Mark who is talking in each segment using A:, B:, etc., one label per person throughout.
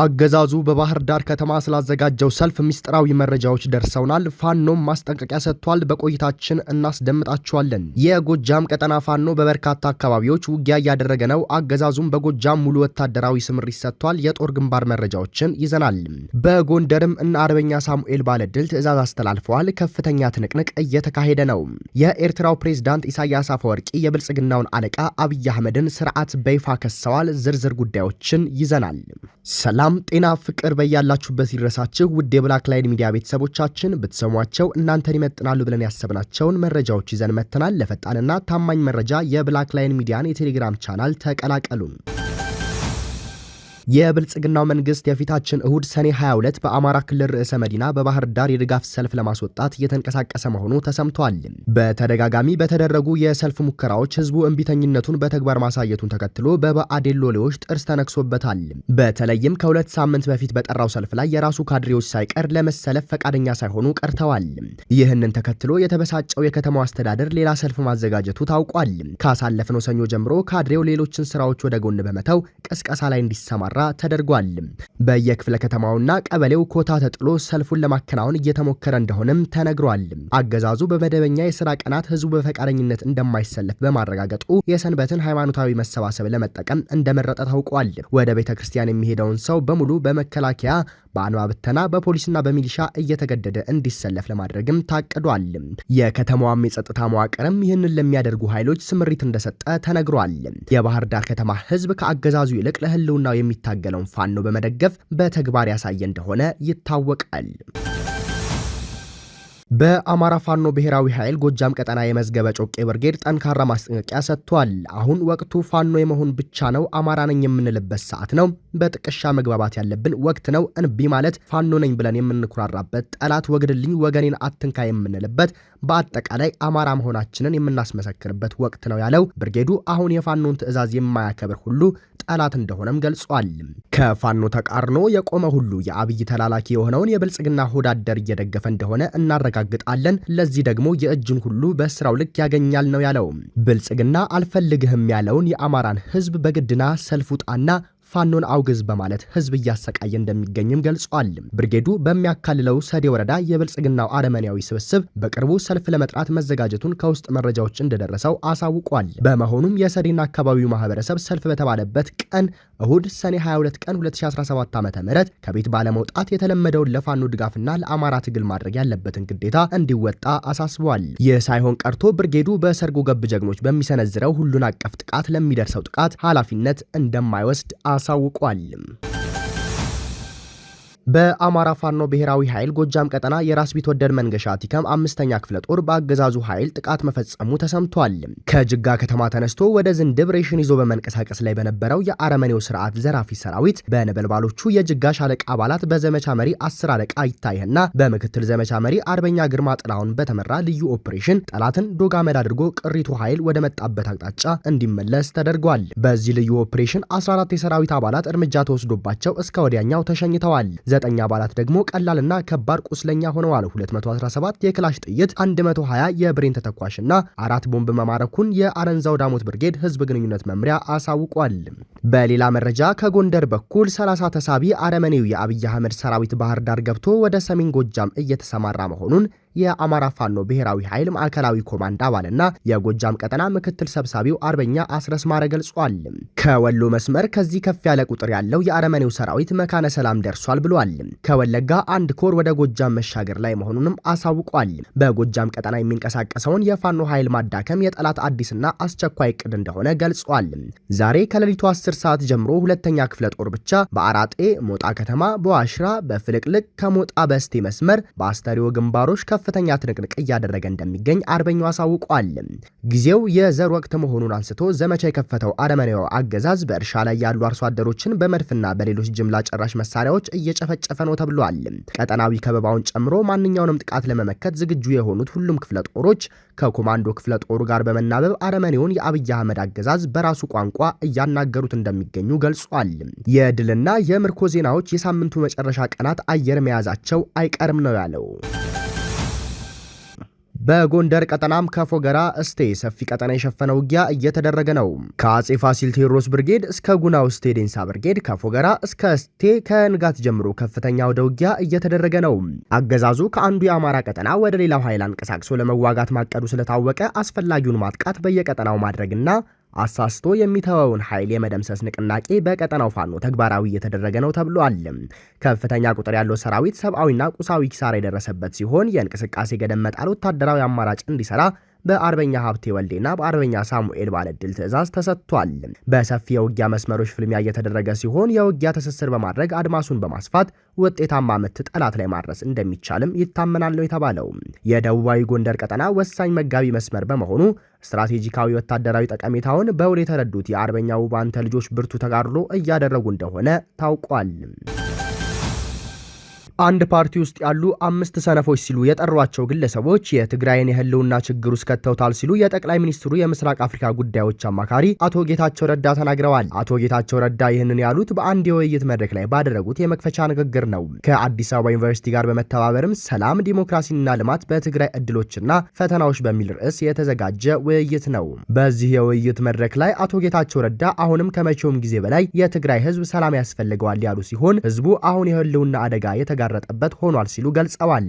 A: አገዛዙ በባህር ዳር ከተማ ስላዘጋጀው ሰልፍ ምስጢራዊ መረጃዎች ደርሰውናል። ፋኖም ማስጠንቀቂያ ሰጥቷል። በቆይታችን እናስደምጣችኋለን። የጎጃም ቀጠና ፋኖ በበርካታ አካባቢዎች ውጊያ እያደረገ ነው። አገዛዙም በጎጃም ሙሉ ወታደራዊ ስምሪት ሰጥቷል። የጦር ግንባር መረጃዎችን ይዘናል። በጎንደርም እነ አርበኛ ሳሙኤል ባለድል ትዕዛዝ አስተላልፈዋል። ከፍተኛ ትንቅንቅ እየተካሄደ ነው። የኤርትራው ፕሬዝዳንት ኢሳያስ አፈወርቂ የብልጽግናውን አለቃ አብይ አህመድን ስርዓት በይፋ ከሰዋል። ዝርዝር ጉዳዮችን ይዘናል። ሰላም ሰላም ጤና ፍቅር በያላችሁበት ይድረሳችሁ ውድ የብላክ ላይን ሚዲያ ቤተሰቦቻችን ብትሰሟቸው እናንተን ይመጥናሉ ብለን ያሰብናቸውን መረጃዎች ይዘን መጥተናል። ለፈጣንና ታማኝ መረጃ የብላክ ላይን ሚዲያን የቴሌግራም ቻናል ተቀላቀሉን። የብልጽግናው መንግስት የፊታችን እሁድ ሰኔ 22 በአማራ ክልል ርዕሰ መዲና በባህር ዳር የድጋፍ ሰልፍ ለማስወጣት እየተንቀሳቀሰ መሆኑ ተሰምቷል። በተደጋጋሚ በተደረጉ የሰልፍ ሙከራዎች ህዝቡ እምቢተኝነቱን በተግባር ማሳየቱን ተከትሎ በብአዴን ሎሌዎች ጥርስ ተነክሶበታል። በተለይም ከሁለት ሳምንት በፊት በጠራው ሰልፍ ላይ የራሱ ካድሬዎች ሳይቀር ለመሰለፍ ፈቃደኛ ሳይሆኑ ቀርተዋል። ይህንን ተከትሎ የተበሳጨው የከተማው አስተዳደር ሌላ ሰልፍ ማዘጋጀቱ ታውቋል። ካሳለፍነው ሰኞ ጀምሮ ካድሬው ሌሎችን ስራዎች ወደ ጎን በመተው ቅስቀሳ ላይ እንዲሰማ እንዲሰማራ ተደርጓል። በየክፍለ ከተማውና ቀበሌው ኮታ ተጥሎ ሰልፉን ለማከናወን እየተሞከረ እንደሆነም ተነግሯል። አገዛዙ በመደበኛ የስራ ቀናት ህዝቡ በፈቃደኝነት እንደማይሰለፍ በማረጋገጡ የሰንበትን ሃይማኖታዊ መሰባሰብ ለመጠቀም እንደመረጠ ታውቋል። ወደ ቤተ ክርስቲያን የሚሄደውን ሰው በሙሉ በመከላከያ በአንባ ብተና በፖሊስና በሚሊሻ እየተገደደ እንዲሰለፍ ለማድረግም ታቅዷል። የከተማዋም የጸጥታ መዋቅርም ይህንን ለሚያደርጉ ኃይሎች ስምሪት እንደሰጠ ተነግሯል። የባህር ዳር ከተማ ህዝብ ከአገዛዙ ይልቅ ለህልውናው የሚ የሚታገለውን ፋኖ በመደገፍ በተግባር ያሳየ እንደሆነ ይታወቃል። በአማራ ፋኖ ብሔራዊ ኃይል ጎጃም ቀጠና የመዝገበ ጮቄ ብርጌድ ጠንካራ ማስጠንቀቂያ ሰጥቷል። አሁን ወቅቱ ፋኖ የመሆን ብቻ ነው፣ አማራ ነኝ የምንልበት ሰዓት ነው። በጥቅሻ መግባባት ያለብን ወቅት ነው። እንቢ ማለት ፋኖ ነኝ ብለን የምንኩራራበት፣ ጠላት ወግድልኝ ወገኔን አትንካ የምንልበት፣ በአጠቃላይ አማራ መሆናችንን የምናስመሰክርበት ወቅት ነው ያለው ብርጌዱ አሁን የፋኖን ትዕዛዝ የማያከብር ሁሉ ጠላት እንደሆነም ገልጿል። ከፋኖ ተቃርኖ የቆመ ሁሉ የአብይ ተላላኪ የሆነውን የብልጽግና ሆዳደር እየደገፈ እንደሆነ እናረጋግጣለን። ለዚህ ደግሞ የእጅን ሁሉ በስራው ልክ ያገኛል ነው ያለው። ብልጽግና አልፈልግህም ያለውን የአማራን ህዝብ በግድና ሰልፍ ውጣና ፋኖን አውግዝ በማለት ህዝብ እያሰቃየ እንደሚገኝም ገልጿል። ብርጌዱ በሚያካልለው ሰዴ ወረዳ የብልጽግናው አረመኔያዊ ስብስብ በቅርቡ ሰልፍ ለመጥራት መዘጋጀቱን ከውስጥ መረጃዎች እንደደረሰው አሳውቋል። በመሆኑም የሰዴና አካባቢው ማህበረሰብ ሰልፍ በተባለበት ቀን እሁድ ሰኔ 22 ቀን 2017 ዓ ም ከቤት ባለመውጣት የተለመደውን ለፋኖ ድጋፍና ለአማራ ትግል ማድረግ ያለበትን ግዴታ እንዲወጣ አሳስቧል። ይህ ሳይሆን ቀርቶ ብርጌዱ በሰርጎ ገብ ጀግኖች በሚሰነዝረው ሁሉን አቀፍ ጥቃት ለሚደርሰው ጥቃት ኃላፊነት እንደማይወስድ አሳውቋል። በአማራ ፋኖ ብሔራዊ ኃይል ጎጃም ቀጠና የራስ ቢትወደድ መንገሻ ቲከም አምስተኛ ክፍለ ጦር በአገዛዙ ኃይል ጥቃት መፈጸሙ ተሰምቷል። ከጅጋ ከተማ ተነስቶ ወደ ዝንድብ ሬሽን ይዞ በመንቀሳቀስ ላይ በነበረው የአረመኔው ስርዓት ዘራፊ ሰራዊት በነበልባሎቹ የጅጋ ሻለቃ አባላት በዘመቻ መሪ አስር አለቃ ይታይህና በምክትል ዘመቻ መሪ አርበኛ ግርማ ጥላሁን በተመራ ልዩ ኦፕሬሽን ጠላትን ዶጋመድ አድርጎ ቅሪቱ ኃይል ወደ መጣበት አቅጣጫ እንዲመለስ ተደርጓል። በዚህ ልዩ ኦፕሬሽን 14 የሰራዊት አባላት እርምጃ ተወስዶባቸው እስከ ወዲያኛው ተሸኝተዋል። ዘጠኝ አባላት ደግሞ ቀላልና ከባድ ቁስለኛ ሆነዋል። 217 የክላሽ ጥይት፣ 120 የብሬን ተተኳሽና አራት ቦምብ መማረኩን የአረንዛው ዳሞት ብርጌድ ህዝብ ግንኙነት መምሪያ አሳውቋል። በሌላ መረጃ ከጎንደር በኩል 30 ተሳቢ አረመኔው የአብይ አህመድ ሰራዊት ባህር ዳር ገብቶ ወደ ሰሜን ጎጃም እየተሰማራ መሆኑን የአማራ ፋኖ ብሔራዊ ኃይል ማዕከላዊ ኮማንድ አባልና የጎጃም ቀጠና ምክትል ሰብሳቢው አርበኛ አስረስማረ ገልጿል። ከወሎ መስመር ከዚህ ከፍ ያለ ቁጥር ያለው የአረመኔው ሰራዊት መካነ ሰላም ደርሷል ብሏል። ከወለጋ አንድ ኮር ወደ ጎጃም መሻገር ላይ መሆኑንም አሳውቋል። በጎጃም ቀጠና የሚንቀሳቀሰውን የፋኖ ኃይል ማዳከም የጠላት አዲስና አስቸኳይ እቅድ እንደሆነ ገልጿል። ዛሬ ከሌሊቱ 10 ሰዓት ጀምሮ ሁለተኛ ክፍለ ጦር ብቻ በአራጤ ሞጣ ከተማ፣ በዋሽራ፣ በፍልቅልቅ ከሞጣ በስቴ መስመር በአስተሪዮ ግንባሮች ከፍ ከፍተኛ ትንቅንቅ እያደረገ እንደሚገኝ አርበኛው አሳውቋል። ጊዜው የዘር ወቅት መሆኑን አንስቶ ዘመቻ የከፈተው አረመኔው አገዛዝ በእርሻ ላይ ያሉ አርሶ አደሮችን በመድፍና በሌሎች ጅምላ ጨራሽ መሳሪያዎች እየጨፈጨፈ ነው ተብሏል። ቀጠናዊ ከበባውን ጨምሮ ማንኛውንም ጥቃት ለመመከት ዝግጁ የሆኑት ሁሉም ክፍለ ጦሮች ከኮማንዶ ክፍለ ጦሩ ጋር በመናበብ አረመኔውን የአብይ አህመድ አገዛዝ በራሱ ቋንቋ እያናገሩት እንደሚገኙ ገልጿል። የድልና የምርኮ ዜናዎች የሳምንቱ መጨረሻ ቀናት አየር መያዛቸው አይቀርም ነው ያለው። በጎንደር ቀጠናም ከፎገራ እስቴ ሰፊ ቀጠና የሸፈነ ውጊያ እየተደረገ ነው። ከአጼ ፋሲል ቴዎድሮስ ብርጌድ እስከ ጉናው እስቴ ዴንሳ ብርጌድ ከፎገራ እስከ እስቴ ከንጋት ጀምሮ ከፍተኛ ወደ ውጊያ እየተደረገ ነው። አገዛዙ ከአንዱ የአማራ ቀጠና ወደ ሌላው ኃይል አንቀሳቅሶ ለመዋጋት ማቀዱ ስለታወቀ አስፈላጊውን ማጥቃት በየቀጠናው ማድረግና አሳስቶ የሚተወውን ኃይል የመደምሰስ ንቅናቄ በቀጠናው ፋኖ ተግባራዊ እየተደረገ ነው ተብሏል። ከፍተኛ ቁጥር ያለው ሰራዊት ሰብአዊና ቁሳዊ ኪሳራ የደረሰበት ሲሆን የእንቅስቃሴ ገደብ መጣል ወታደራዊ አማራጭ እንዲሰራ በአርበኛ ሀብቴ ወልዴና በአርበኛ ሳሙኤል ባለድል ትዕዛዝ ተሰጥቷል። በሰፊ የውጊያ መስመሮች ፍልሚያ እየተደረገ ሲሆን የውጊያ ትስስር በማድረግ አድማሱን በማስፋት ውጤታማ ምት ጠላት ላይ ማድረስ እንደሚቻልም ይታመናል ነው የተባለው። የደቡባዊ ጎንደር ቀጠና ወሳኝ መጋቢ መስመር በመሆኑ ስትራቴጂካዊ ወታደራዊ ጠቀሜታውን በውል የተረዱት የአርበኛ ውባንተ ልጆች ብርቱ ተጋድሎ እያደረጉ እንደሆነ ታውቋል። አንድ ፓርቲ ውስጥ ያሉ አምስት ሰነፎች ሲሉ የጠሯቸው ግለሰቦች የትግራይን የህልውና ችግር ውስጥ ከተውታል ሲሉ የጠቅላይ ሚኒስትሩ የምስራቅ አፍሪካ ጉዳዮች አማካሪ አቶ ጌታቸው ረዳ ተናግረዋል። አቶ ጌታቸው ረዳ ይህንን ያሉት በአንድ የውይይት መድረክ ላይ ባደረጉት የመክፈቻ ንግግር ነው። ከአዲስ አበባ ዩኒቨርሲቲ ጋር በመተባበርም ሰላም፣ ዲሞክራሲና ልማት በትግራይ እድሎችና ፈተናዎች በሚል ርዕስ የተዘጋጀ ውይይት ነው። በዚህ የውይይት መድረክ ላይ አቶ ጌታቸው ረዳ አሁንም ከመቼውም ጊዜ በላይ የትግራይ ህዝብ ሰላም ያስፈልገዋል ያሉ ሲሆን ህዝቡ አሁን የህልውና አደጋ የተጋ የተመረጠበት ሆኗል ሲሉ ገልጸዋል።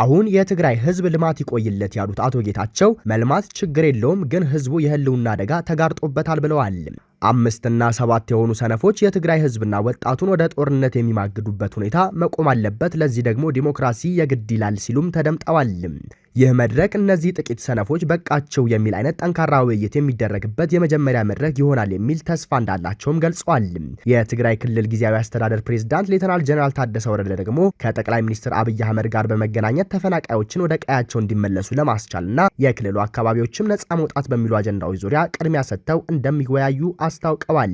A: አሁን የትግራይ ህዝብ ልማት ይቆይለት ያሉት አቶ ጌታቸው መልማት ችግር የለውም፣ ግን ህዝቡ የህልውና አደጋ ተጋርጦበታል ብለዋል። አምስትና ሰባት የሆኑ ሰነፎች የትግራይ ህዝብና ወጣቱን ወደ ጦርነት የሚማግዱበት ሁኔታ መቆም አለበት። ለዚህ ደግሞ ዲሞክራሲ የግድ ይላል ሲሉም ተደምጠዋል። ይህ መድረክ እነዚህ ጥቂት ሰነፎች በቃቸው የሚል አይነት ጠንካራ ውይይት የሚደረግበት የመጀመሪያ መድረክ ይሆናል የሚል ተስፋ እንዳላቸውም ገልጿል። የትግራይ ክልል ጊዜያዊ አስተዳደር ፕሬዝዳንት ሌተናል ጀነራል ታደሰ ወረደ ደግሞ ከጠቅላይ ሚኒስትር አብይ አህመድ ጋር በመገናኘት ተፈናቃዮችን ወደ ቀያቸው እንዲመለሱ ለማስቻልና የክልሉ አካባቢዎችም ነጻ መውጣት በሚሉ አጀንዳዎች ዙሪያ ቅድሚያ ሰጥተው እንደሚወያዩ አስታውቀዋል።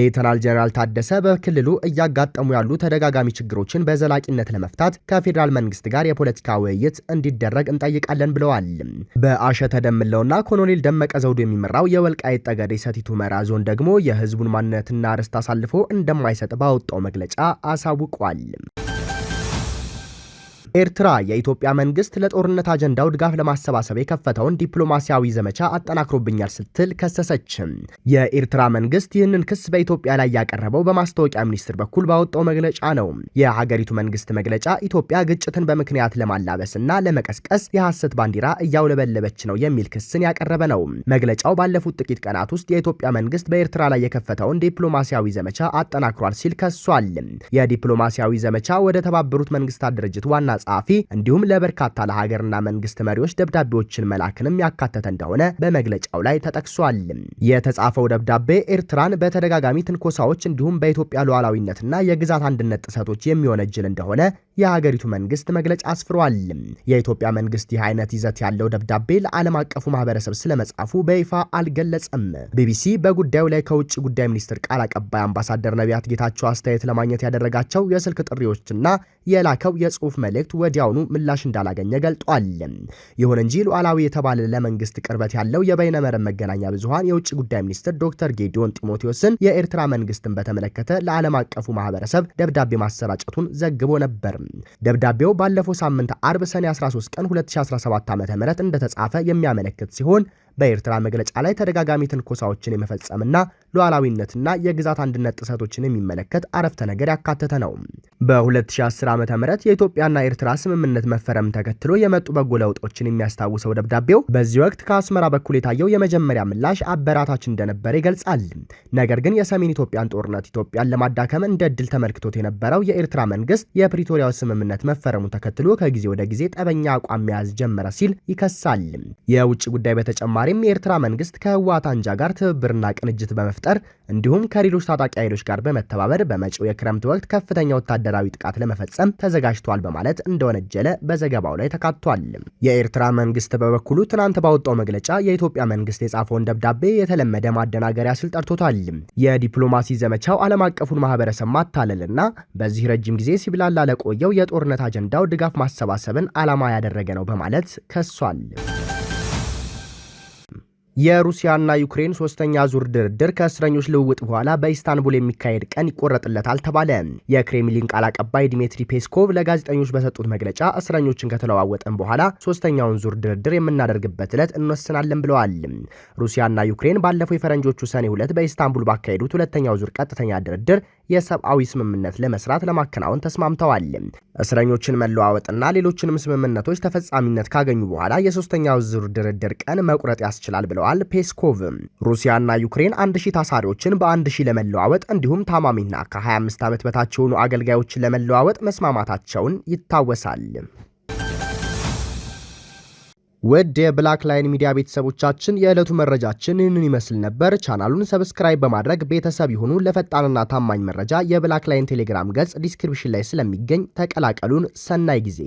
A: ሌተናል ጀነራል ታደሰ በክልሉ እያጋጠሙ ያሉ ተደጋጋሚ ችግሮችን በዘላቂነት ለመፍታት ከፌዴራል መንግስት ጋር የፖለቲካ ውይይት እንዲደረግ እንጠይቃል እንጠብቃለን ብለዋል። በአሸተ ደምለውና ኮሎኔል ደመቀ ዘውዱ የሚመራው የወልቃይት ጠገዴ ሰቲት ሁመራ ዞን ደግሞ የህዝቡን ማንነትና ርስት አሳልፎ እንደማይሰጥ ባወጣው መግለጫ አሳውቋል። ኤርትራ የኢትዮጵያ መንግስት ለጦርነት አጀንዳው ድጋፍ ለማሰባሰብ የከፈተውን ዲፕሎማሲያዊ ዘመቻ አጠናክሮብኛል ስትል ከሰሰች የኤርትራ መንግስት ይህንን ክስ በኢትዮጵያ ላይ ያቀረበው በማስታወቂያ ሚኒስትር በኩል ባወጣው መግለጫ ነው። የሀገሪቱ መንግስት መግለጫ ኢትዮጵያ ግጭትን በምክንያት እና ለመቀስቀስ የሐሰት ባንዲራ እያውለበለበች ነው የሚል ክስን ያቀረበ ነው። መግለጫው ባለፉት ጥቂት ቀናት ውስጥ የኢትዮጵያ መንግስት በኤርትራ ላይ የከፈተውን ዲፕሎማሲያዊ ዘመቻ አጠናክሯል ሲል ከሷል። የዲፕሎማሲያዊ ዘመቻ ወደ ተባበሩት መንግስታት ድርጅት ዋና ጸሐፊ እንዲሁም ለበርካታ ለሀገርና መንግስት መሪዎች ደብዳቤዎችን መላክንም ያካተተ እንደሆነ በመግለጫው ላይ ተጠቅሷል። የተጻፈው ደብዳቤ ኤርትራን በተደጋጋሚ ትንኮሳዎች እንዲሁም በኢትዮጵያ ሉዓላዊነትና የግዛት አንድነት ጥሰቶች የሚወነጅል እንደሆነ የሀገሪቱ መንግስት መግለጫ አስፍሯል። የኢትዮጵያ መንግስት ይህ አይነት ይዘት ያለው ደብዳቤ ለዓለም አቀፉ ማህበረሰብ ስለመጻፉ በይፋ አልገለጸም። ቢቢሲ በጉዳዩ ላይ ከውጭ ጉዳይ ሚኒስትር ቃል አቀባይ አምባሳደር ነቢያት ጌታቸው አስተያየት ለማግኘት ያደረጋቸው የስልክ ጥሪዎችና የላከው የጽሁፍ መልእክት ወዲያውኑ ምላሽ እንዳላገኘ ገልጧል። ይሁን እንጂ ሉዓላዊ የተባለ ለመንግስት ቅርበት ያለው የበይነመረብ መገናኛ ብዙሀን የውጭ ጉዳይ ሚኒስትር ዶክተር ጌዲዮን ጢሞቴዎስን የኤርትራ መንግስትን በተመለከተ ለዓለም አቀፉ ማህበረሰብ ደብዳቤ ማሰራጨቱን ዘግቦ ነበር። ደብዳቤው ባለፈው ሳምንት አርብ ሰኔ 13 ቀን 2017 ዓ ም እንደተጻፈ የሚያመለክት ሲሆን በኤርትራ መግለጫ ላይ ተደጋጋሚ ትንኮሳዎችን የመፈጸምና ሉዓላዊነትና የግዛት አንድነት ጥሰቶችን የሚመለከት አረፍተ ነገር ያካተተ ነው። በ2010 ዓ ም የኢትዮጵያና ኤርትራ ስምምነት መፈረም ተከትሎ የመጡ በጎ ለውጦችን የሚያስታውሰው ደብዳቤው በዚህ ወቅት ከአስመራ በኩል የታየው የመጀመሪያ ምላሽ አበራታች እንደነበረ ይገልጻል። ነገር ግን የሰሜን ኢትዮጵያን ጦርነት ኢትዮጵያን ለማዳከም እንደ እድል ተመልክቶት የነበረው የኤርትራ መንግስት የፕሪቶሪያው ስምምነት መፈረሙ ተከትሎ ከጊዜ ወደ ጊዜ ጠበኛ አቋም መያዝ ጀመረ ሲል ይከሳል። የውጭ ጉዳይ በተጨማ በተጨማሪም የኤርትራ መንግስት ከህወሓት አንጃ ጋር ትብብርና ቅንጅት በመፍጠር እንዲሁም ከሌሎች ታጣቂ ኃይሎች ጋር በመተባበር በመጪው የክረምት ወቅት ከፍተኛ ወታደራዊ ጥቃት ለመፈጸም ተዘጋጅቷል በማለት እንደወነጀለ በዘገባው ላይ ተካቷል። የኤርትራ መንግስት በበኩሉ ትናንት ባወጣው መግለጫ የኢትዮጵያ መንግስት የጻፈውን ደብዳቤ የተለመደ ማደናገሪያ ስል ጠርቶታል። የዲፕሎማሲ ዘመቻው ዓለም አቀፉን ማህበረሰብ ማታለልና በዚህ ረጅም ጊዜ ሲብላላ ለቆየው የጦርነት አጀንዳው ድጋፍ ማሰባሰብን ዓላማ ያደረገ ነው በማለት ከሷል። የሩሲያና ዩክሬን ሶስተኛ ዙር ድርድር ከእስረኞች ልውውጥ በኋላ በኢስታንቡል የሚካሄድ ቀን ይቆረጥለታል ተባለ። የክሬምሊን ቃል አቀባይ ዲሜትሪ ፔስኮቭ ለጋዜጠኞች በሰጡት መግለጫ እስረኞችን ከተለዋወጠን በኋላ ሶስተኛውን ዙር ድርድር የምናደርግበት ዕለት እንወስናለን ብለዋል። ሩሲያና ዩክሬን ባለፈው የፈረንጆቹ ሰኔ ሁለት በኢስታንቡል ባካሄዱት ሁለተኛው ዙር ቀጥተኛ ድርድር የሰብአዊ ስምምነት ለመስራት ለማከናወን ተስማምተዋል። እስረኞችን መለዋወጥና ሌሎችንም ስምምነቶች ተፈጻሚነት ካገኙ በኋላ የሶስተኛው ዙር ድርድር ቀን መቁረጥ ያስችላል ብለዋል ፔስኮቭ። ሩሲያና ዩክሬን አንድ ሺህ ታሳሪዎችን በአንድ ሺህ ለመለዋወጥ እንዲሁም ታማሚና ከ25 ዓመት በታች የሆኑ አገልጋዮችን ለመለዋወጥ መስማማታቸውን ይታወሳል። ውድ የብላክ ላይን ሚዲያ ቤተሰቦቻችን የዕለቱ መረጃችን ይህንን ይመስል ነበር። ቻናሉን ሰብስክራይብ በማድረግ ቤተሰብ ይሁኑ። ለፈጣንና ታማኝ መረጃ የብላክ ላይን ቴሌግራም ገጽ ዲስክሪፕሽን ላይ ስለሚገኝ ተቀላቀሉን። ሰናይ ጊዜ